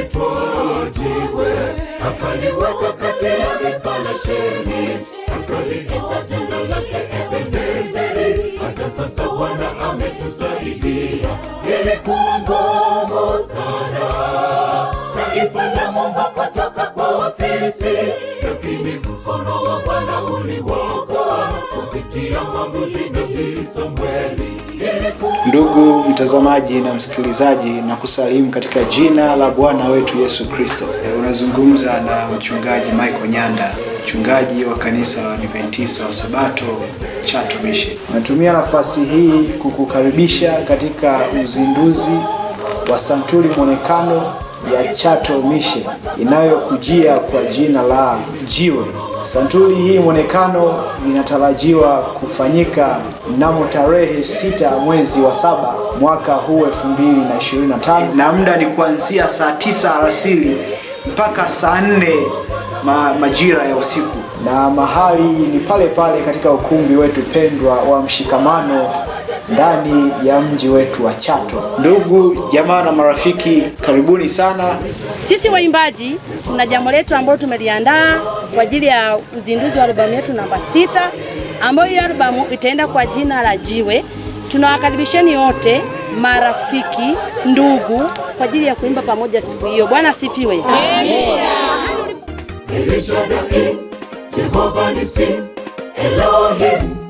alitoa jiwe akaliweka kati ya Mispa na Sheni, akaliita jina lake Ebenezeri. Hata sasa Bwana ametusaidia. Ilikuwa ngumu sana taifa la Mungu kutoka kwa Wafilisti, lakini mkono wa Bwana uliwaokoa kupitia mwamuzi Nabii Samweli. Ndugu mtazamaji na msikilizaji, na kusalimu katika jina la Bwana wetu Yesu Kristo. Eh, unazungumza na mchungaji Michael Nyanda, mchungaji wa kanisa la Adventista wa Sabato Chato Mission. Natumia nafasi hii kukukaribisha katika uzinduzi wa santuri mwonekano ya Chato Mission inayokujia kwa jina la jiwe. Santuli hii mwonekano inatarajiwa kufanyika mnamo tarehe sita mwezi wa saba mwaka huu 2025 na muda ni kuanzia saa tisa alasiri mpaka saa nne ma majira ya usiku, na mahali ni pale pale katika ukumbi wetu pendwa wa Mshikamano ndani ya mji wetu wa Chato. Ndugu jamaa na marafiki, karibuni sana. Sisi waimbaji tuna jambo letu ambalo tumeliandaa kwa ajili ya uzinduzi wa albamu yetu namba sita, ambayo hiyo albamu itaenda kwa jina la Jiwe. Tunawakaribisheni wote marafiki, ndugu, kwa ajili ya kuimba pamoja siku hiyo. Bwana sifiwe. Amina.